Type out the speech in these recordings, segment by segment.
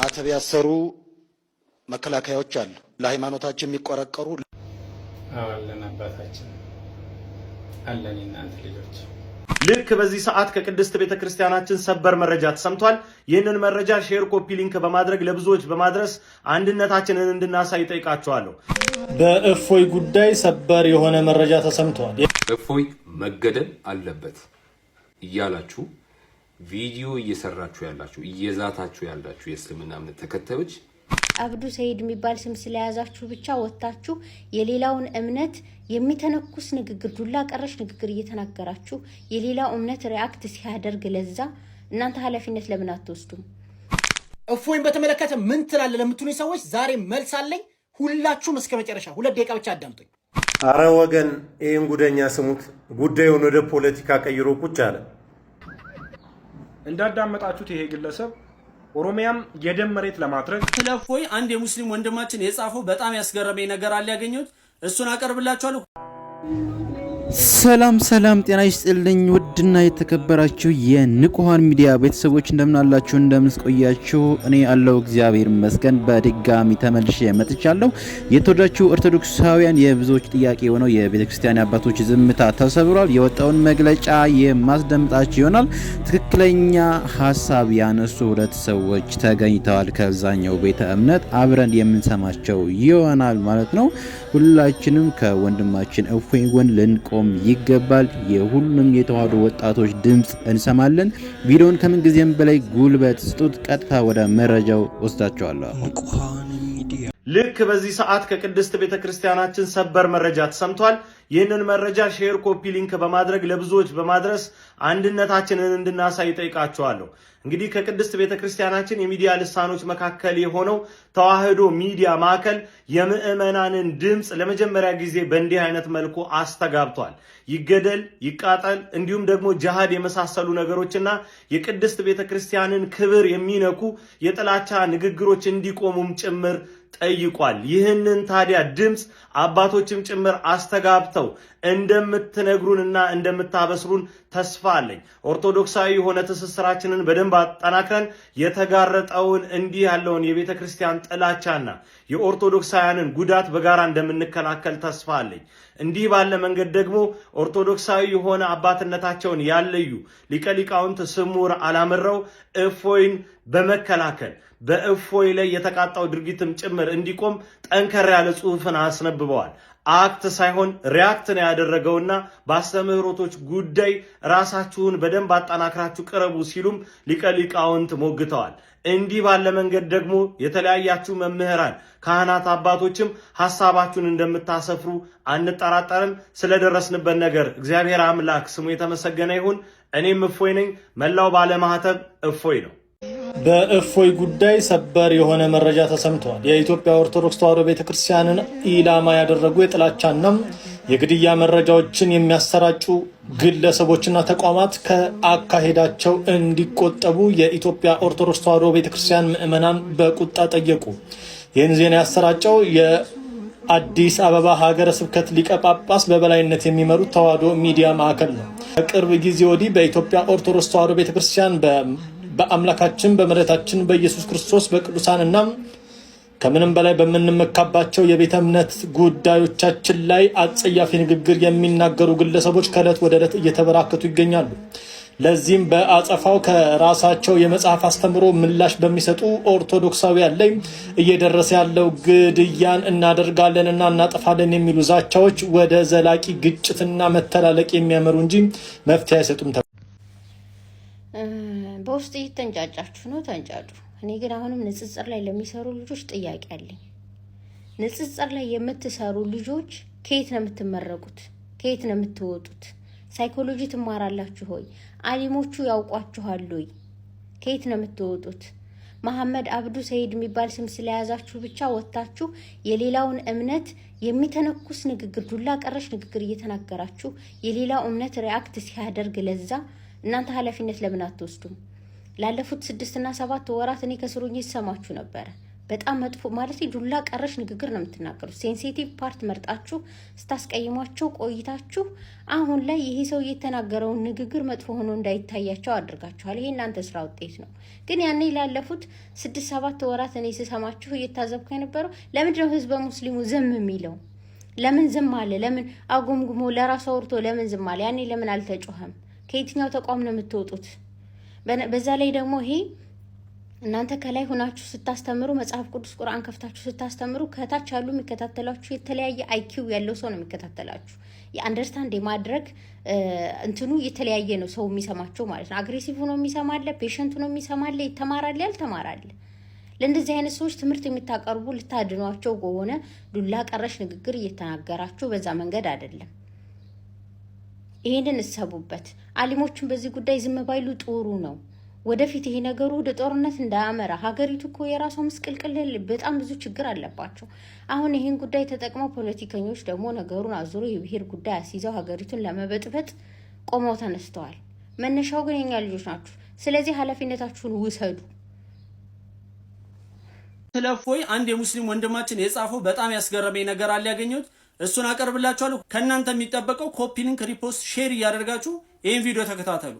ማተብ ያሰሩ መከላከያዎች አሉ። ለሃይማኖታችን የሚቆረቀሩ አለን። አባታችን አለን። እናንተ ልጆች ልክ በዚህ ሰዓት ከቅድስት ቤተ ክርስቲያናችን ሰበር መረጃ ተሰምቷል። ይህንን መረጃ ሼር፣ ኮፒ ሊንክ በማድረግ ለብዙዎች በማድረስ አንድነታችንን እንድናሳይ ጠይቃችኋለሁ። በእፎይ ጉዳይ ሰበር የሆነ መረጃ ተሰምቷል። እፎይ መገደል አለበት እያላችሁ ቪዲዮ እየሰራችሁ ያላችሁ እየዛታችሁ ያላችሁ የእስልምና እምነት ተከታዮች አብዱ ሰይድ የሚባል ስም ስለያዛችሁ ብቻ ወጥታችሁ የሌላውን እምነት የሚተነኩስ ንግግር፣ ዱላ ቀረሽ ንግግር እየተናገራችሁ የሌላው እምነት ሪአክት ሲያደርግ ለዛ እናንተ ኃላፊነት ለምን አትወስዱም? እፎይን በተመለከተ ምን ትላለ ለምትሉኝ ሰዎች ዛሬ መልስ አለኝ። ሁላችሁም እስከ መጨረሻ ሁለት ደቂቃ ብቻ አዳምጡኝ። አረ ወገን ይህን ጉደኛ ስሙት። ጉዳዩን ወደ ፖለቲካ ቀይሮ ቁጭ አለ። እንዳዳመጣችሁት ይሄ ግለሰብ ኦሮሚያም የደም መሬት ለማድረግ ስለ አንድ የሙስሊም ወንድማችን የጻፈው በጣም ያስገረመኝ ነገር አለ ያገኘሁት፣ እሱን አቀርብላችኋለሁ። ሰላም ሰላም፣ ጤና ይስጥልኝ ውድና የተከበራችሁ የንቁሃን ሚዲያ ቤተሰቦች እንደምናላችሁ እንደምንስቆያችሁ፣ እኔ አለው እግዚአብሔር ይመስገን በድጋሚ ተመልሼ መጥቻለሁ። የተወዳችሁ ኦርቶዶክሳውያን የብዙዎች ጥያቄ የሆነው የቤተ ክርስቲያን አባቶች ዝምታ ተሰብሯል የወጣውን መግለጫ የማስደምጣችሁ ይሆናል። ትክክለኛ ሀሳብ ያነሱ ሁለት ሰዎች ተገኝተዋል ከአብዛኛው ቤተ እምነት አብረን የምንሰማቸው ይሆናል ማለት ነው። ሁላችንም ከወንድማችን እፎይ ጎን ልንቆም ይገባል። የሁሉም የተዋህዶ ወጣቶች ድምፅ እንሰማለን። ቪዲዮን ከምንጊዜም በላይ ጉልበት ስጡት። ቀጥታ ወደ መረጃው ወስዳቸዋለሁ። ልክ በዚህ ሰዓት ከቅድስት ቤተ ክርስቲያናችን ሰበር መረጃ ተሰምቷል። ይህንን መረጃ ሼር፣ ኮፒ ሊንክ በማድረግ ለብዙዎች በማድረስ አንድነታችንን እንድናሳይ ጠይቃቸዋለሁ። እንግዲህ ከቅድስት ቤተ ክርስቲያናችን የሚዲያ ልሳኖች መካከል የሆነው ተዋህዶ ሚዲያ ማዕከል የምዕመናንን ድምፅ ለመጀመሪያ ጊዜ በእንዲህ አይነት መልኩ አስተጋብቷል። ይገደል፣ ይቃጠል እንዲሁም ደግሞ ጅሃድ የመሳሰሉ ነገሮችና የቅድስት ቤተ ክርስቲያንን ክብር የሚነኩ የጥላቻ ንግግሮች እንዲቆሙም ጭምር ጠይቋል። ይህንን ታዲያ ድምፅ አባቶችም ጭምር አስተጋብተው እንደምትነግሩንና እንደምታበስሩን ተስፋ አለኝ። ኦርቶዶክሳዊ የሆነ ትስስራችንን በደንብ አጠናክረን የተጋረጠውን እንዲህ ያለውን የቤተ ክርስቲያን ጥላቻና የኦርቶዶክሳውያንን ጉዳት በጋራ እንደምንከላከል ተስፋ አለኝ። እንዲህ ባለ መንገድ ደግሞ ኦርቶዶክሳዊ የሆነ አባትነታቸውን ያለዩ ሊቀ ሊቃውንት ስሙር አላምረው እፎይን በመከላከል በእፎይ ላይ የተቃጣው ድርጊትም ጭምር እንዲቆም ጠንከር ያለ ጽሑፍን አስነብበዋል። አክት ሳይሆን ሪያክት ነው ያደረገውና በአስተምህሮቶች ጉዳይ ራሳችሁን በደንብ አጠናክራችሁ ቅረቡ ሲሉም ሊቀ ሊቃውንት ሞግተዋል። እንዲህ ባለ መንገድ ደግሞ የተለያያችሁ መምህራን፣ ካህናት፣ አባቶችም ሐሳባችሁን እንደምታሰፍሩ አንጠራጠርም። ስለደረስንበት ነገር እግዚአብሔር አምላክ ስሙ የተመሰገነ ይሁን። እኔም እፎይ ነኝ፣ መላው ባለማህተብ እፎይ ነው። በእፎይ ጉዳይ ሰበር የሆነ መረጃ ተሰምተዋል። የኢትዮጵያ ኦርቶዶክስ ተዋሕዶ ቤተክርስቲያንን ኢላማ ያደረጉ የጥላቻና የግድያ መረጃዎችን የሚያሰራጩ ግለሰቦችና ተቋማት ከአካሄዳቸው እንዲቆጠቡ የኢትዮጵያ ኦርቶዶክስ ተዋሕዶ ቤተክርስቲያን ምዕመናን በቁጣ ጠየቁ። ይህን ዜና ያሰራጨው የአዲስ አበባ ሀገረ ስብከት ሊቀ ጳጳስ በበላይነት የሚመሩት ተዋሕዶ ሚዲያ ማዕከል ነው። ከቅርብ ጊዜ ወዲህ በኢትዮጵያ ኦርቶዶክስ ተዋሕዶ ቤተክርስቲያን በአምላካችን በምሕረታችን በኢየሱስ ክርስቶስ በቅዱሳንና ከምንም በላይ በምንመካባቸው የቤተ እምነት ጉዳዮቻችን ላይ አጸያፊ ንግግር የሚናገሩ ግለሰቦች ከዕለት ወደ ዕለት እየተበራከቱ ይገኛሉ። ለዚህም በአጸፋው ከራሳቸው የመጽሐፍ አስተምሮ ምላሽ በሚሰጡ ኦርቶዶክሳውያን ላይ እየደረሰ ያለው ግድያን እናደርጋለንና እናጠፋለን የሚሉ ዛቻዎች ወደ ዘላቂ ግጭትና መተላለቅ የሚያመሩ እንጂ መፍትሄ አይሰጡም ተብሏል። በውስጥ እየተንጫጫችሁ ነው፣ ተንጫጩ። እኔ ግን አሁንም ንጽጽር ላይ ለሚሰሩ ልጆች ጥያቄ አለኝ። ንጽጽር ላይ የምትሰሩ ልጆች ከየት ነው የምትመረቁት? ከየት ነው የምትወጡት? ሳይኮሎጂ ትማራላችሁ ሆይ? አሊሞቹ ያውቋችኋል ሆይ? ከየት ነው የምትወጡት? መሐመድ አብዱ ሰይድ የሚባል ስም ስለያዛችሁ ብቻ ወጥታችሁ የሌላውን እምነት የሚተነኩስ ንግግር፣ ዱላ ቀረሽ ንግግር እየተናገራችሁ የሌላው እምነት ሪያክት ሲያደርግ ለዛ እናንተ ኃላፊነት ለምን አትወስዱም? ላለፉት ስድስትና ሰባት ወራት እኔ ከስሩኝ ይሰማችሁ ነበረ። በጣም መጥፎ ማለት ዱላ ቀረሽ ንግግር ነው የምትናገሩት። ሴንሲቲቭ ፓርት መርጣችሁ ስታስቀይሟቸው ቆይታችሁ አሁን ላይ ይሄ ሰው የተናገረውን ንግግር መጥፎ ሆኖ እንዳይታያቸው አድርጋችኋል። ይሄ እናንተ ስራ ውጤት ነው። ግን ያኔ ላለፉት ስድስት ሰባት ወራት እኔ ስሰማችሁ እየታዘብኩ የነበረው ለምንድን ነው ህዝበ ሙስሊሙ ዝም የሚለው? ለምን ዝም አለ? ለምን አጉምጉሞ ለራሱ አውርቶ ለምን ዝም አለ? ያኔ ለምን አልተጮኸም? ከየትኛው ተቋም ነው የምትወጡት? በዛ ላይ ደግሞ ይሄ እናንተ ከላይ ሆናችሁ ስታስተምሩ መጽሐፍ ቅዱስ ቁርአን ከፍታችሁ ስታስተምሩ ከታች ያሉ የሚከታተላችሁ የተለያየ አይኪው ያለው ሰው ነው የሚከታተላችሁ። የአንደርስታንድ የማድረግ እንትኑ የተለያየ ነው፣ ሰው የሚሰማቸው ማለት ነው። አግሬሲቭ ሆኖ የሚሰማለ፣ ፔሸንት ሆኖ የሚሰማለ፣ ይተማራል፣ ያልተማራል። ለእንደዚህ አይነት ሰዎች ትምህርት የምታቀርቡ ልታድኗቸው ከሆነ ዱላ ቀረሽ ንግግር እየተናገራችሁ በዛ መንገድ አይደለም። ይሄንን እሰቡበት። አሊሞቹን በዚህ ጉዳይ ዝም ባይሉ ጥሩ ነው። ወደፊት ይሄ ነገሩ ወደ ጦርነት እንዳያመራ ሀገሪቱ እኮ የራሷ ምስቅልቅል በጣም ብዙ ችግር አለባቸው። አሁን ይህን ጉዳይ ተጠቅመው ፖለቲከኞች ደግሞ ነገሩን አዙሮ የብሄር ጉዳይ አስይዘው ሀገሪቱን ለመበጥበጥ ቆመው ተነስተዋል። መነሻው ግን የኛ ልጆች ናችሁ። ስለዚህ ኃላፊነታችሁን ውሰዱ። ስለፎይ አንድ የሙስሊም ወንድማችን የጻፈው በጣም ያስገረመኝ ነገር አለ ያገኘሁት እሱን አቀርብላችኋለሁ። ከእናንተ የሚጠበቀው ኮፒ ሊንክ፣ ሪፖስት፣ ሼር እያደርጋችሁ ይህን ቪዲዮ ተከታተሉ።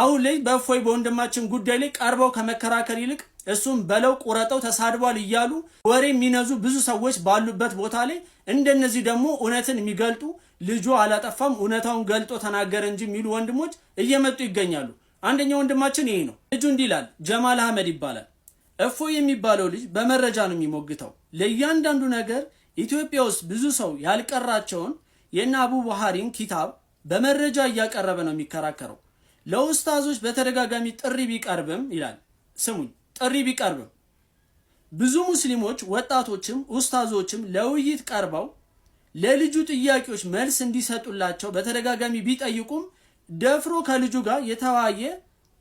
አሁን ላይ በእፎይ በወንድማችን ጉዳይ ላይ ቀርበው ከመከራከር ይልቅ እሱም በለው ቁረጠው ተሳድቧል እያሉ ወሬ የሚነዙ ብዙ ሰዎች ባሉበት ቦታ ላይ እንደነዚህ ደግሞ እውነትን የሚገልጡ ልጁ አላጠፋም እውነታውን ገልጦ ተናገረ እንጂ የሚሉ ወንድሞች እየመጡ ይገኛሉ። አንደኛው ወንድማችን ይሄ ነው። ልጁ እንዲህ ይላል። ጀማል አህመድ ይባላል። እፎይ የሚባለው ልጅ በመረጃ ነው የሚሞግተው ለእያንዳንዱ ነገር ኢትዮጵያ ውስጥ ብዙ ሰው ያልቀራቸውን የእነ አቡ ቡሃሪን ኪታብ በመረጃ እያቀረበ ነው የሚከራከረው። ለኡስታዞች በተደጋጋሚ ጥሪ ቢቀርብም ይላል። ስሙኝ፣ ጥሪ ቢቀርብም ብዙ ሙስሊሞች ወጣቶችም ኡስታዞችም ለውይይት ቀርበው ለልጁ ጥያቄዎች መልስ እንዲሰጡላቸው በተደጋጋሚ ቢጠይቁም ደፍሮ ከልጁ ጋር የተዋየ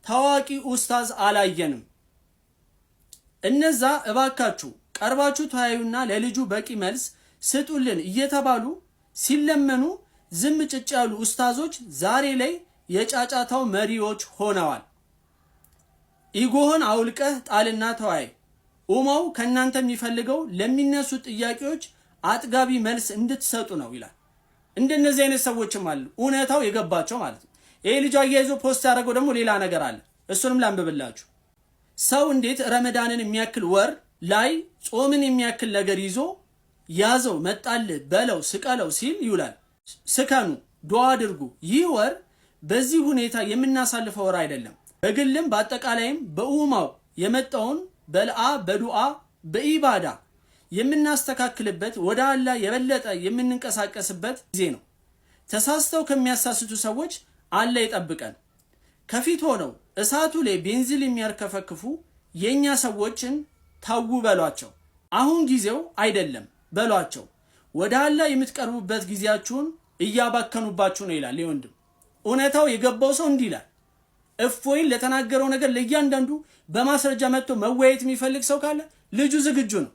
ታዋቂ ኡስታዝ አላየንም። እነዛ እባካችሁ ቀርባችሁ ተያዩና ለልጁ በቂ መልስ ስጡልን እየተባሉ ሲለመኑ ዝም ጭጭ ያሉ ኡስታዞች ዛሬ ላይ የጫጫታው መሪዎች ሆነዋል። ኢጎሆን አውልቀህ ጣልና ተወያይ። ኡማው ከእናንተ የሚፈልገው ለሚነሱ ጥያቄዎች አጥጋቢ መልስ እንድትሰጡ ነው ይላል። እንደነዚህ አይነት ሰዎችም አሉ፣ እውነታው የገባቸው ማለት ነው። ይህ ልጁ አያይዞ ፖስት ያደረገው ደግሞ ሌላ ነገር አለ፣ እሱንም ላንብብላችሁ። ሰው እንዴት ረመዳንን የሚያክል ወር ላይ ጾምን የሚያክል ነገር ይዞ ያዘው መጣልህ በለው ስቀለው ሲል ይውላል። ስከኑ፣ ዱዓ አድርጉ። ይህ ወር በዚህ ሁኔታ የምናሳልፈው ወር አይደለም። በግልም በአጠቃላይም በኡማው የመጣውን በልአ በዱዓ በኢባዳ የምናስተካክልበት ወደ አላ የበለጠ የምንንቀሳቀስበት ጊዜ ነው። ተሳስተው ከሚያሳስቱ ሰዎች አለ ይጠብቀን። ከፊት ሆነው እሳቱ ላይ ቤንዚል የሚያርከፈክፉ የእኛ ሰዎችን ተዉ በሏቸው። አሁን ጊዜው አይደለም በሏቸው። ወደ አላ የምትቀርቡበት ጊዜያችሁን እያባከኑባችሁ ነው ይላል። ወንድም እውነታው የገባው ሰው እንዲህ ይላል። እፎይን ለተናገረው ነገር ለእያንዳንዱ በማስረጃ መጥቶ መወያየት የሚፈልግ ሰው ካለ ልጁ ዝግጁ ነው።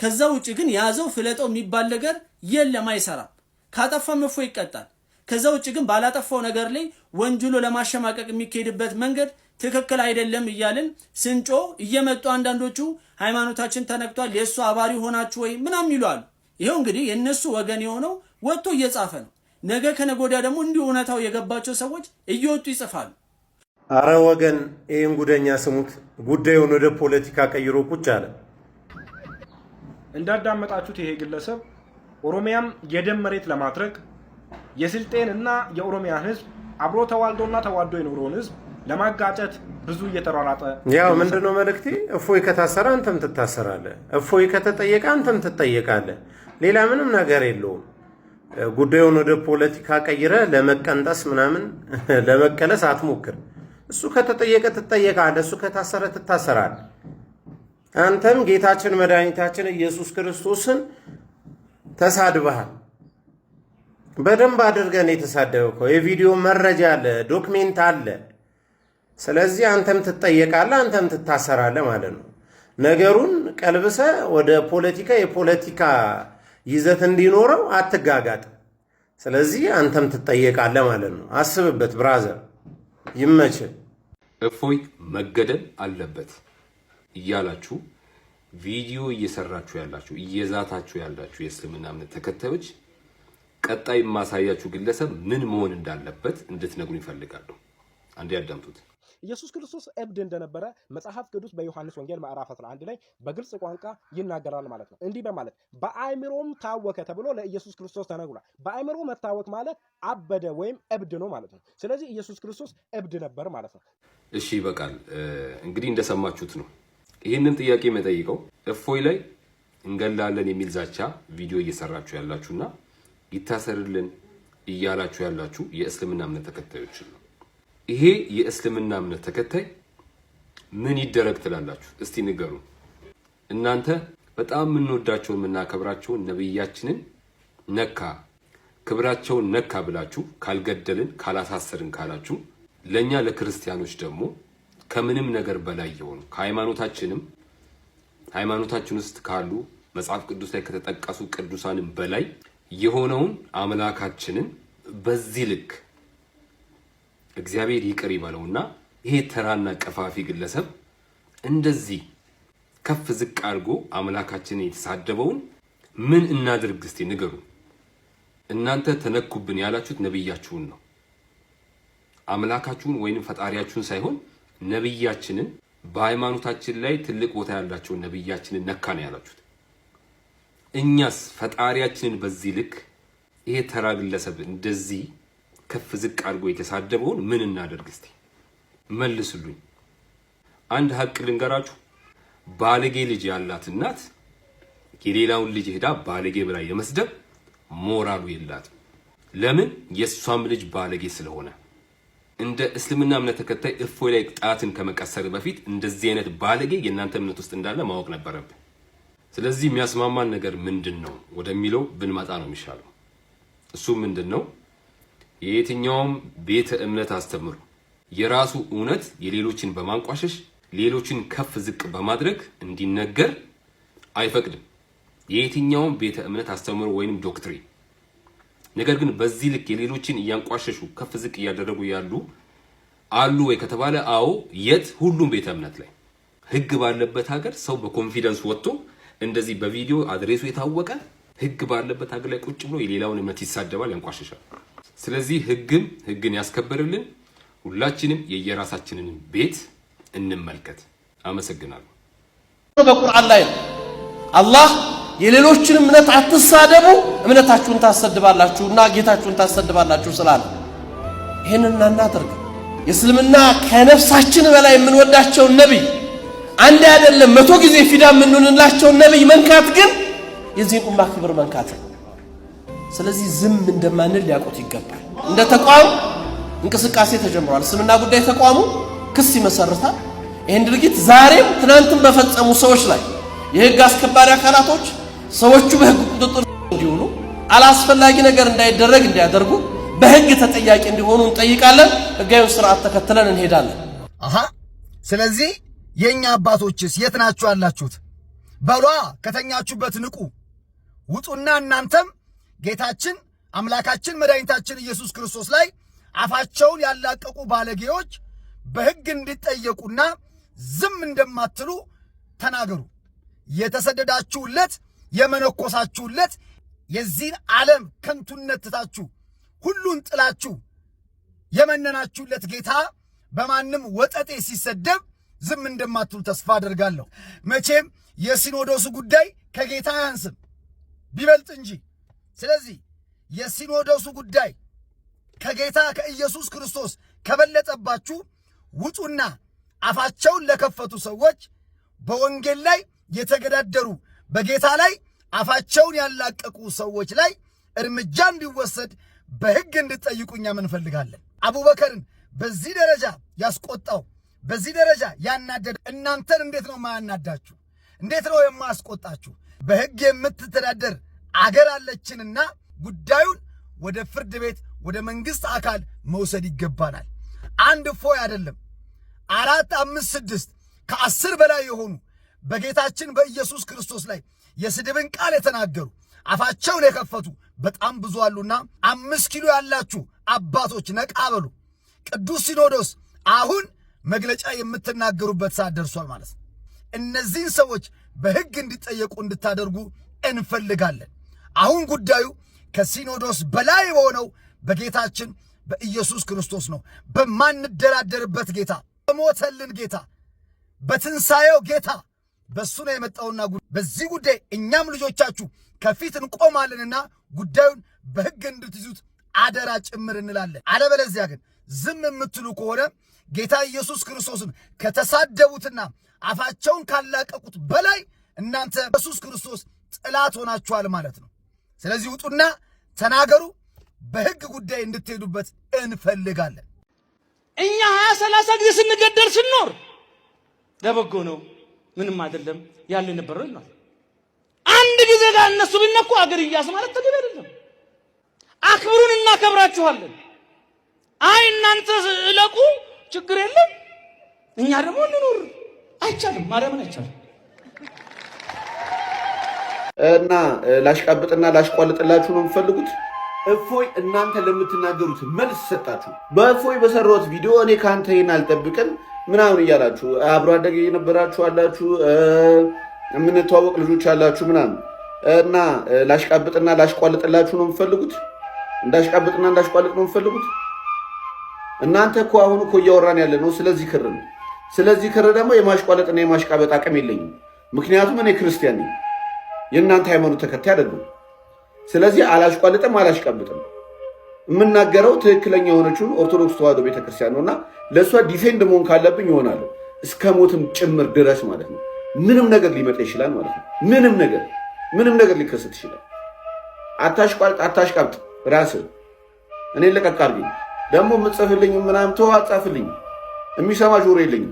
ከዛ ውጭ ግን የያዘው ፍለጠው የሚባል ነገር የለም፣ አይሰራም። ካጠፋም እፎ ይቀጣል። ከዛ ውጭ ግን ባላጠፋው ነገር ላይ ወንጅሎ ለማሸማቀቅ የሚካሄድበት መንገድ ትክክል አይደለም እያልን ስንጮ እየመጡ አንዳንዶቹ ሃይማኖታችን ተነክቷል የእሱ አባሪ ሆናችሁ ወይ ምናምን ይሏሉ። ይኸው እንግዲህ የእነሱ ወገን የሆነው ወጥቶ እየጻፈ ነው። ነገ ከነገ ወዲያ ደግሞ እንዲሁ እውነታው የገባቸው ሰዎች እየወጡ ይጽፋሉ። አረ ወገን ይህን ጉደኛ ስሙት። ጉዳዩን ወደ ፖለቲካ ቀይሮ ቁጭ አለ። እንዳዳመጣችሁት ይሄ ግለሰብ ኦሮሚያም የደም መሬት ለማድረግ የስልጤን እና የኦሮሚያን ህዝብ አብሮ ተዋልዶና ተዋልዶ የኖረውን ህዝብ ለማጋጨት ብዙ እየተሯራጠ ያው ምንድነው መልእክቴ? እፎይ ከታሰረ አንተም ትታሰራለ እፎይ ከተጠየቀ አንተም ትጠየቃለ ሌላ ምንም ነገር የለውም። ጉዳዩን ወደ ፖለቲካ ቀይረ ለመቀንጠስ ምናምን ለመቀለስ አትሞክር። እሱ ከተጠየቀ ትጠየቃለ፣ እሱ ከታሰረ ትታሰራል አንተም ጌታችን መድኃኒታችን ኢየሱስ ክርስቶስን ተሳድበሃል። በደንብ አድርገን የተሳደበ የቪዲዮ መረጃ አለ፣ ዶክሜንት አለ ስለዚህ አንተም ትጠየቃለህ፣ አንተም ትታሰራለህ ማለት ነው። ነገሩን ቀልብሰ ወደ ፖለቲካ የፖለቲካ ይዘት እንዲኖረው አትጋጋጥ። ስለዚህ አንተም ትጠየቃለህ ማለት ነው። አስብበት ብራዘር፣ ይመች። እፎይ መገደል አለበት እያላችሁ ቪዲዮ እየሰራችሁ ያላችሁ እየዛታችሁ ያላችሁ የእስልምና እምነት ተከታዮች ቀጣይ የማሳያችሁ ግለሰብ ምን መሆን እንዳለበት እንድትነግሩ ይፈልጋሉ። አንዴ ያዳምጡት። ኢየሱስ ክርስቶስ እብድ እንደነበረ መጽሐፍ ቅዱስ በዮሐንስ ወንጌል ምዕራፍ 11 ላይ በግልጽ ቋንቋ ይናገራል ማለት ነው። እንዲህ በማለት በአእምሮም ታወከ ተብሎ ለኢየሱስ ክርስቶስ ተነግሯል። በአእምሮ መታወክ ማለት አበደ ወይም እብድ ነው ማለት ነው። ስለዚህ ኢየሱስ ክርስቶስ እብድ ነበር ማለት ነው። እሺ ይበቃል። እንግዲህ እንደሰማችሁት ነው። ይህንን ጥያቄ መጠይቀው እፎይ ላይ እንገላለን የሚል ዛቻ ቪዲዮ እየሰራችሁ ያላችሁና ይታሰርልን እያላችሁ ያላችሁ የእስልምና እምነት ተከታዮች ነው። ይሄ የእስልምና እምነት ተከታይ ምን ይደረግ ትላላችሁ? እስቲ ንገሩ። እናንተ በጣም የምንወዳቸውን የምናከብራቸውን ነብያችንን ነካ ክብራቸውን ነካ ብላችሁ ካልገደልን ካላሳሰርን ካላችሁ ለእኛ ለክርስቲያኖች ደግሞ ከምንም ነገር በላይ የሆኑ ከሃይማኖታችንም ሃይማኖታችን ውስጥ ካሉ መጽሐፍ ቅዱስ ላይ ከተጠቀሱ ቅዱሳንም በላይ የሆነውን አምላካችንን በዚህ ልክ እግዚአብሔር ይቅር ይበለውና ይሄ ተራና ቀፋፊ ግለሰብ እንደዚህ ከፍ ዝቅ አድርጎ አምላካችንን የተሳደበውን ምን እናድርግ እስቲ ንገሩ። እናንተ ተነኩብን ያላችሁት ነብያችሁን ነው። አምላካችሁን ወይንም ፈጣሪያችሁን ሳይሆን ነብያችንን በሃይማኖታችን ላይ ትልቅ ቦታ ያላቸውን ነብያችንን ነካ ነው ያላችሁት። እኛስ ፈጣሪያችንን በዚህ ልክ ይሄ ተራ ግለሰብ እንደዚህ ከፍ ዝቅ አድርጎ የተሳደበውን ምን እናደርግ? እስቲ መልስሉኝ። አንድ ሀቅ ልንገራችሁ። ባለጌ ልጅ ያላት እናት የሌላውን ልጅ ሄዳ ባለጌ ብላ የመስደብ ሞራሉ የላትም። ለምን? የእሷም ልጅ ባለጌ ስለሆነ። እንደ እስልምና እምነት ተከታይ እፎይ ላይ ጣትን ከመቀሰር በፊት እንደዚህ አይነት ባለጌ የእናንተ እምነት ውስጥ እንዳለ ማወቅ ነበረብን። ስለዚህ የሚያስማማን ነገር ምንድን ነው ወደሚለው ብንመጣ ነው የሚሻለው። እሱ ምንድን ነው? የየትኛውም ቤተ እምነት አስተምሮ የራሱ እውነት የሌሎችን በማንቋሸሽ ሌሎችን ከፍ ዝቅ በማድረግ እንዲነገር አይፈቅድም የየትኛውም ቤተ እምነት አስተምሮ ወይንም ዶክትሪን። ነገር ግን በዚህ ልክ የሌሎችን እያንቋሸሹ ከፍ ዝቅ እያደረጉ ያሉ አሉ ወይ ከተባለ አዎ፣ የት? ሁሉም ቤተ እምነት ላይ ህግ ባለበት ሀገር ሰው በኮንፊደንስ ወጥቶ እንደዚህ በቪዲዮ አድሬሱ የታወቀ ህግ ባለበት ሀገር ላይ ቁጭ ብሎ የሌላውን እምነት ይሳደባል፣ ያንቋሸሻል። ስለዚህ ህግም ህግን ያስከበርልን። ሁላችንም የየራሳችንን ቤት እንመልከት። አመሰግናለሁ። በቁርአን ላይ ነው አላህ የሌሎችን እምነት አትሳደቡ፣ እምነታችሁን ታሰድባላችሁ እና ጌታችሁን ታሰድባላችሁ ስላለ ይህንን እናናደርግ። የእስልምና ከነፍሳችን በላይ የምንወዳቸውን ነቢይ አንድ አይደለም መቶ ጊዜ ፊዳ የምንሆንላቸውን ነቢይ መንካት ግን የዚህን ቁማ ክብር መንካት ነው። ስለዚህ ዝም እንደማንል ሊያውቁት ይገባል። እንደ ተቋም እንቅስቃሴ ተጀምሯል። እስልምና ጉዳይ ተቋሙ ክስ ይመሰርታል። ይህን ድርጊት ዛሬም ትናንትም በፈጸሙ ሰዎች ላይ የህግ አስከባሪ አካላቶች ሰዎቹ በህግ ቁጥጥር እንዲውሉ አላስፈላጊ ነገር እንዳይደረግ እንዲያደርጉ በህግ ተጠያቂ እንዲሆኑ እንጠይቃለን። ህጋዊውን ስርዓት ተከትለን እንሄዳለን። አሃ ስለዚህ የእኛ አባቶችስ የት ናችሁ አላችሁት? በሏ ከተኛችሁበት ንቁ፣ ውጡና እናንተም ጌታችን አምላካችን መድኃኒታችን ኢየሱስ ክርስቶስ ላይ አፋቸውን ያላቀቁ ባለጌዎች በሕግ እንዲጠየቁና ዝም እንደማትሉ ተናገሩ። የተሰደዳችሁለት የመነኮሳችሁለት የዚህን ዓለም ከንቱነት ትታችሁ ሁሉን ጥላችሁ የመነናችሁለት ጌታ በማንም ወጠጤ ሲሰደብ ዝም እንደማትሉ ተስፋ አደርጋለሁ። መቼም የሲኖዶሱ ጉዳይ ከጌታ አያንስም ቢበልጥ እንጂ ስለዚህ የሲኖዶሱ ጉዳይ ከጌታ ከኢየሱስ ክርስቶስ ከበለጠባችሁ ውጡና አፋቸውን ለከፈቱ ሰዎች በወንጌል ላይ የተገዳደሩ በጌታ ላይ አፋቸውን ያላቀቁ ሰዎች ላይ እርምጃ እንዲወሰድ በሕግ እንድጠይቁ እኛም እንፈልጋለን። አቡበከርን በዚህ ደረጃ ያስቆጣው በዚህ ደረጃ ያናደደ እናንተን እንዴት ነው የማያናዳችሁ? እንዴት ነው የማያስቆጣችሁ? በሕግ የምትተዳደር አገር አለችንና ጉዳዩን ወደ ፍርድ ቤት ወደ መንግስት አካል መውሰድ ይገባናል። አንድ እፎይ አይደለም፣ አራት፣ አምስት፣ ስድስት ከአስር በላይ የሆኑ በጌታችን በኢየሱስ ክርስቶስ ላይ የስድብን ቃል የተናገሩ አፋቸውን የከፈቱ በጣም ብዙ አሉና አምስት ኪሎ ያላችሁ አባቶች ነቃ በሉ። ቅዱስ ሲኖዶስ አሁን መግለጫ የምትናገሩበት ሰዓት ደርሷል ማለት ነው። እነዚህን ሰዎች በሕግ እንዲጠየቁ እንድታደርጉ እንፈልጋለን። አሁን ጉዳዩ ከሲኖዶስ በላይ በሆነው በጌታችን በኢየሱስ ክርስቶስ ነው። በማንደራደርበት ጌታ፣ በሞተልን ጌታ፣ በትንሣኤው ጌታ በእሱ ነው የመጣውና በዚህ ጉዳይ እኛም ልጆቻችሁ ከፊት እንቆማለንና ጉዳዩን በሕግ እንድትይዙት አደራ ጭምር እንላለን። አለበለዚያ ግን ዝም የምትሉ ከሆነ ጌታ ኢየሱስ ክርስቶስን ከተሳደቡትና አፋቸውን ካላቀቁት በላይ እናንተ ኢየሱስ ክርስቶስ ጥላት ሆናችኋል ማለት ነው። ስለዚህ ውጡና ተናገሩ። በህግ ጉዳይ እንድትሄዱበት እንፈልጋለን። እኛ ሀያ ሰላሳ ጊዜ ስንገደል ስንኖር ለበጎ ነው፣ ምንም አይደለም ያለ የነበረው ይሏል። አንድ ጊዜ ጋር እነሱ ቢነኩ አገር እያስ ማለት ተገቢ አይደለም። አክብሩን፣ እናከብራችኋለን። አይ እናንተ እለቁ፣ ችግር የለም እኛ ደግሞ እንኖር። አይቻልም፣ ማርያምን አይቻልም። እና ላሽቃብጥና ላሽቋልጥላችሁ ነው የምፈልጉት። እፎይ እናንተ ለምትናገሩት መልስ ሰጣችሁ። በእፎይ በሰራሁት ቪዲዮ እኔ ከአንተ ይህን አልጠብቅም ምናምን እያላችሁ አብሮ አደገ የነበራችሁ አላችሁ፣ የምንተዋወቅ ልጆች አላችሁ ምናምን እና ላሽቃብጥና ላሽቋልጥላችሁ ነው የምፈልጉት። እንዳሽቃብጥና እንዳሽቋልጥ ነው የምፈልጉት። እናንተ እኮ አሁን እኮ እያወራን ያለ ነው ስለዚህ ክር ነው። ስለዚህ ክር ደግሞ የማሽቋለጥና የማሽቃበጥ አቅም የለኝም፣ ምክንያቱም እኔ ክርስቲያን ነኝ። የእናንተ ሃይማኖት ተከታይ አይደሉም። ስለዚህ አላሽቋልጥም፣ አላሽቀምጥም። የምናገረው ትክክለኛ የሆነችውን ኦርቶዶክስ ተዋሕዶ ቤተክርስቲያን ነው እና ለእሷ ዲፌንድ መሆን ካለብኝ ይሆናሉ እስከ ሞትም ጭምር ድረስ ማለት ነው። ምንም ነገር ሊመጣ ይችላል ማለት ነው። ምንም ነገር ምንም ነገር ሊከሰት ይችላል። አታሽቋልጥ፣ አታሽቀምጥ። ራስህ እኔ ለቀቅ አድርጊ። ደግሞ የምጽፍልኝ ምናምን ተው፣ አጻፍልኝ። የሚሰማ ጆሮ የለኝም።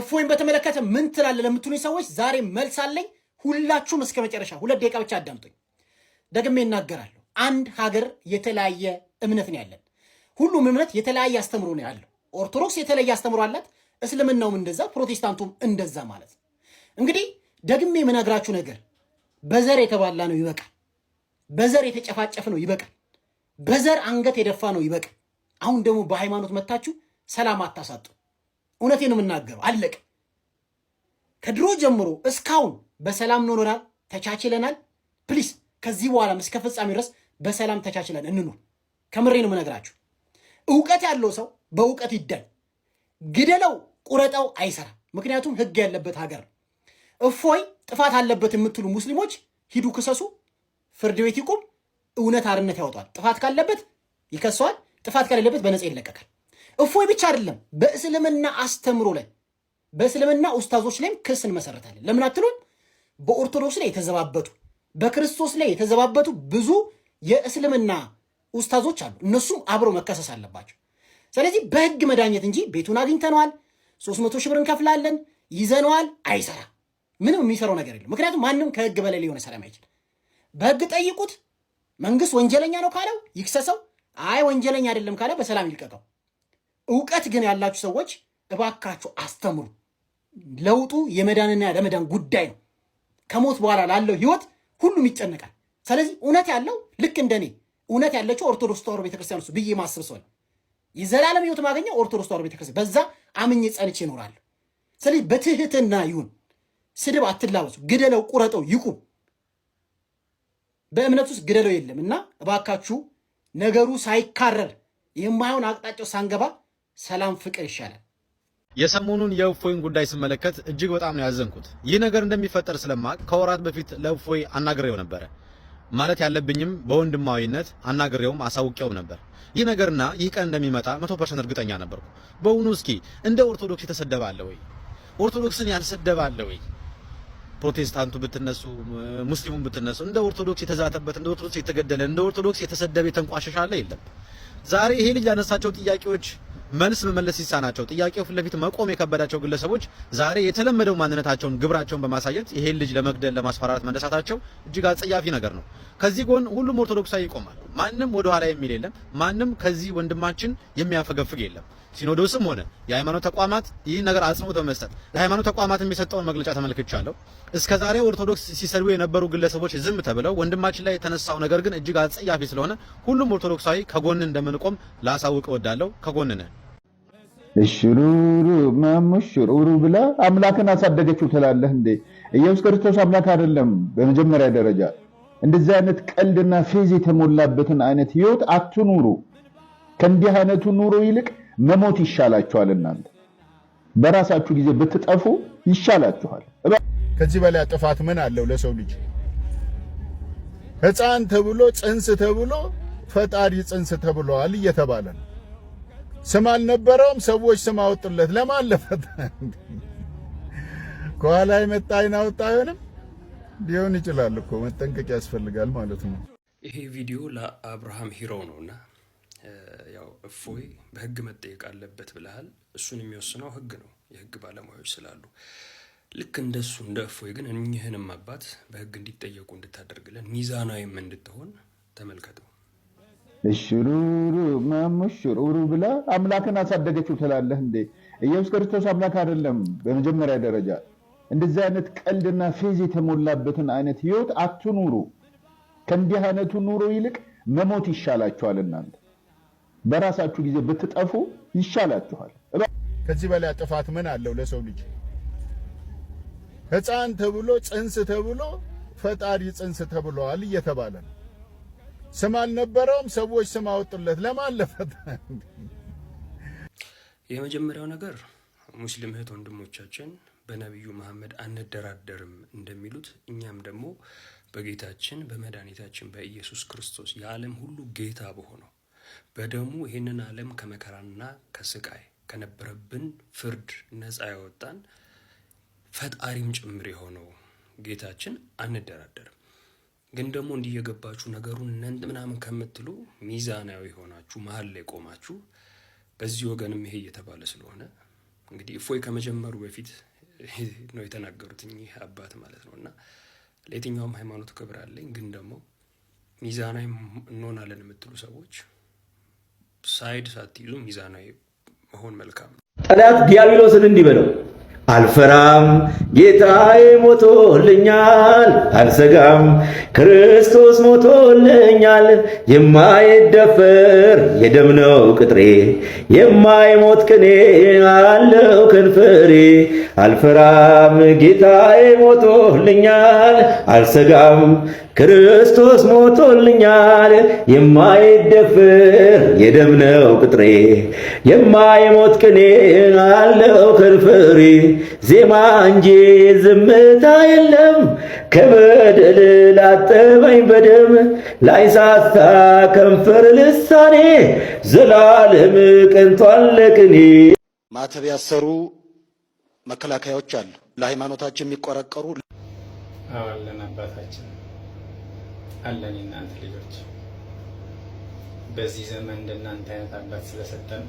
እፎይን በተመለከተ ምን ትላለህ ለምትሉኝ ሰዎች ዛሬ መልስ አለኝ። ሁላችሁም እስከ መጨረሻ ሁለት ደቂቃ ብቻ አዳምጡኝ። ደግሜ እናገራለሁ። አንድ ሀገር የተለያየ እምነት ነው ያለን። ሁሉም እምነት የተለያየ አስተምሮ ነው ያለው። ኦርቶዶክስ የተለየ አስተምሮ አላት፣ እስልምናውም እንደዛ፣ ፕሮቴስታንቱም እንደዛ ማለት ነው። እንግዲህ ደግሜ የምነግራችሁ ነገር በዘር የተባላ ነው ይበቃል። በዘር የተጨፋጨፍ ነው ይበቃል። በዘር አንገት የደፋ ነው ይበቃል። አሁን ደግሞ በሃይማኖት መታችሁ ሰላም አታሳጡ። እውነቴን የምናገረው አለቀ። ከድሮ ጀምሮ እስካሁን በሰላም ኖረናል፣ ተቻችለናል። ፕሊስ ከዚህ በኋላም እስከ ፍጻሜ ድረስ በሰላም ተቻችለን እንኑር። ከምሬ ነው የምነግራችሁ። እውቀት ያለው ሰው በእውቀት ይዳኝ፣ ግደለው፣ ቁረጠው፣ አይሰራም። ምክንያቱም ህግ ያለበት ሀገር ነው። እፎይ ጥፋት አለበት የምትሉ ሙስሊሞች ሂዱ ክሰሱ፣ ፍርድ ቤት ይቁም፣ እውነት አርነት ያወጣል። ጥፋት ካለበት ይከሰዋል፣ ጥፋት ከሌለበት በነፃ ይለቀቃል። እፎይ ብቻ አይደለም፣ በእስልምና አስተምሮ ላይ በእስልምና ኡስታዞች ላይም ክስ እንመሰረታለን። ለምን አትሉም? በኦርቶዶክስ ላይ የተዘባበቱ በክርስቶስ ላይ የተዘባበቱ ብዙ የእስልምና ኡስታዞች አሉ። እነሱም አብረው መከሰስ አለባቸው። ስለዚህ በህግ መዳኘት እንጂ ቤቱን አግኝተነዋል፣ ሶስት መቶ ሺህ ብር እንከፍላለን፣ ይዘነዋል፣ አይሰራ ምንም የሚሰራው ነገር የለም። ምክንያቱም ማንም ከህግ በላይ ሊሆነ ሰላም አይችል። በህግ ጠይቁት። መንግስት ወንጀለኛ ነው ካለው ይክሰሰው። አይ ወንጀለኛ አይደለም ካለ በሰላም ይልቀቀው። እውቀት ግን ያላችሁ ሰዎች እባካችሁ አስተምሩ። ለውጡ የመዳንና ለመዳን ጉዳይ ነው። ከሞት በኋላ ላለው ህይወት ሁሉም ይጨነቃል። ስለዚህ እውነት ያለው ልክ እንደኔ እውነት ያለችው ኦርቶዶክስ ተዋሕዶ ቤተክርስቲያን ውስጥ ብዬ ማስብ ሰው የዘላለም ህይወት ማገኘው ኦርቶዶክስ ተዋሕዶ ቤተክርስቲያን በዛ አምኜ ጸንቼ እኖራለሁ። ስለዚህ በትህትና ይሁን፣ ስድብ አትላበሱ፣ ግደለው፣ ቁረጠው ይቁም። በእምነት ውስጥ ግደለው የለም እና እባካችሁ ነገሩ ሳይካረር የማይሆን አቅጣጫው ሳንገባ ሰላም፣ ፍቅር ይሻላል። የሰሞኑን የእፎይን ጉዳይ ስመለከት እጅግ በጣም ነው ያዘንኩት። ይህ ነገር እንደሚፈጠር ስለማቅ ከወራት በፊት ለእፎይ አናግሬው ነበረ። ማለት ያለብኝም በወንድማዊነት አናግሬውም አሳውቄው ነበር። ይህ ነገርና ይህ ቀን እንደሚመጣ መቶ ፐርሰንት እርግጠኛ ነበርኩ። በእውኑ እስኪ እንደ ኦርቶዶክስ የተሰደበ አለ ወይ? ኦርቶዶክስን ያልሰደበ አለ ወይ? ፕሮቴስታንቱ ብትነሱ፣ ሙስሊሙን ብትነሱ፣ እንደ ኦርቶዶክስ የተዛተበት፣ እንደ ኦርቶዶክስ የተገደለ፣ እንደ ኦርቶዶክስ የተሰደበ የተንቋሸሻለ የለም። ዛሬ ይሄ ልጅ ያነሳቸው ጥያቄዎች መልስ መመለስ ይሳናቸው፣ ጥያቄው ፊት ለፊት መቆም የከበዳቸው ግለሰቦች ዛሬ የተለመደው ማንነታቸውን ግብራቸውን በማሳየት ይሄን ልጅ ለመግደል ለማስፈራራት መነሳታቸው እጅግ አጸያፊ ነገር ነው። ከዚህ ጎን ሁሉም ኦርቶዶክሳዊ ይቆማል። ማንም ወደ ኋላ የሚል የለም። ማንም ከዚህ ወንድማችን የሚያፈገፍግ የለም። ሲኖዶስም ሆነ የሃይማኖት ተቋማት ይህን ነገር አጽንኦት በመስጠት ለሃይማኖት ተቋማት የሚሰጠውን መግለጫ ተመልክቻለሁ። እስከ ዛሬ ኦርቶዶክስ ሲሰድቡ የነበሩ ግለሰቦች ዝም ተብለው ወንድማችን ላይ የተነሳው ነገር ግን እጅግ አጸያፊ ስለሆነ ሁሉም ኦርቶዶክሳዊ ከጎን እንደምንቆም ላሳውቅ እወዳለሁ። ከጎን ነን። ሽሩሩ ብላ አምላክን አሳደገችው ትላለህ እንዴ? ኢየሱስ ክርስቶስ አምላክ አይደለም። በመጀመሪያ ደረጃ እንደዚህ አይነት ቀልድና ፌዝ የተሞላበትን አይነት ህይወት አትኑሩ። ከእንዲህ አይነቱ ኑሮ ይልቅ መሞት ይሻላችኋል። እናንተ በራሳችሁ ጊዜ ብትጠፉ ይሻላችኋል። ከዚህ በላይ ጥፋት ምን አለው ለሰው ልጅ? ህፃን ተብሎ ጽንስ ተብሎ ፈጣሪ ጽንስ ተብለዋል እየተባለ ነው ስም አልነበረውም። ሰዎች ስም አወጡለት። ለማን ለፈተና ከኋላ የመጣ አይን አወጣ አይሆንም ሊሆን ይችላል እኮ መጠንቀቅ ያስፈልጋል ማለት ነው። ይሄ ቪዲዮ ለአብርሃም ሂሮ ነው እና ያው እፎይ በህግ መጠየቅ አለበት ብለሃል። እሱን የሚወስነው ህግ ነው፣ የህግ ባለሙያዎች ስላሉ ልክ እንደሱ እንደ እፎይ ግን እኚህንም አባት በህግ እንዲጠየቁ እንድታደርግለን ሚዛናዊም እንድትሆን ተመልከተው። እሽሩሩ መሙሽሩሩ ብላ አምላክን አሳደገችው ትላለህ እንዴ? ኢየሱስ ክርስቶስ አምላክ አይደለም። በመጀመሪያ ደረጃ እንደዚህ አይነት ቀልድና ፌዝ የተሞላበትን አይነት ህይወት አትኑሩ። ከእንዲህ አይነቱ ኑሮ ይልቅ መሞት ይሻላችኋል። እናንተ በራሳችሁ ጊዜ ብትጠፉ ይሻላችኋል። ከዚህ በላይ ጥፋት ምን አለው ለሰው ልጅ? ህፃን ተብሎ ጽንስ ተብሎ ፈጣሪ ጽንስ ተብለዋል እየተባለ ነው። ስም አልነበረውም። ሰዎች ስም አወጡለት። ለማለፈት የመጀመሪያው ነገር ሙስሊም እህት ወንድሞቻችን በነቢዩ መሐመድ አንደራደርም እንደሚሉት እኛም ደግሞ በጌታችን በመድኃኒታችን በኢየሱስ ክርስቶስ የዓለም ሁሉ ጌታ በሆነው በደሙ ይህንን ዓለም ከመከራና ከስቃይ ከነበረብን ፍርድ ነፃ ያወጣን ፈጣሪም ጭምር የሆነው ጌታችን አንደራደርም። ግን ደግሞ እንዲህ የገባችሁ ነገሩን ነንት ምናምን ከምትሉ ሚዛናዊ ሆናችሁ መሀል ላይ ቆማችሁ በዚህ ወገንም ይሄ እየተባለ ስለሆነ እንግዲህ እፎይ ከመጀመሩ በፊት ነው የተናገሩት እኚህ አባት ማለት ነው። እና ለየትኛውም ሃይማኖት ክብር አለኝ፣ ግን ደግሞ ሚዛናዊ እንሆናለን የምትሉ ሰዎች ሳይድ ሳትይዙ ሚዛናዊ መሆን መልካም ነው። ጠላት ዲያብሎስን እንዲበለው አልፈራም ጌታዬ ሞቶልኛል፣ አልሰጋም ክርስቶስ ሞቶልኛል። የማይደፈር የደም ነው ቅጥሬ፣ የማይሞት ከኔ አለው ከንፈሬ። አልፈራም ጌታዬ ሞቶልኛል፣ አልሰጋም ክርስቶስ ሞቶልኛል የማይደፍር የደም ነው ቅጥሬ የማይሞት ቅኔ አለው ከንፈሬ ዜማ እንጂ ዝምታ የለም ከበደል ላጠበኝ በደም ላይሳሳ ከንፈር ልሳኔ ዘላለም ቀንቷል ለቅኔ። ማተብ ያሰሩ መከላከያዎች አሉ ለሃይማኖታችን የሚቆረቀሩ አለን አባታችን አለን እናንተ ልጆች በዚህ ዘመን እንደናንተ አይነት አባት ስለሰጠን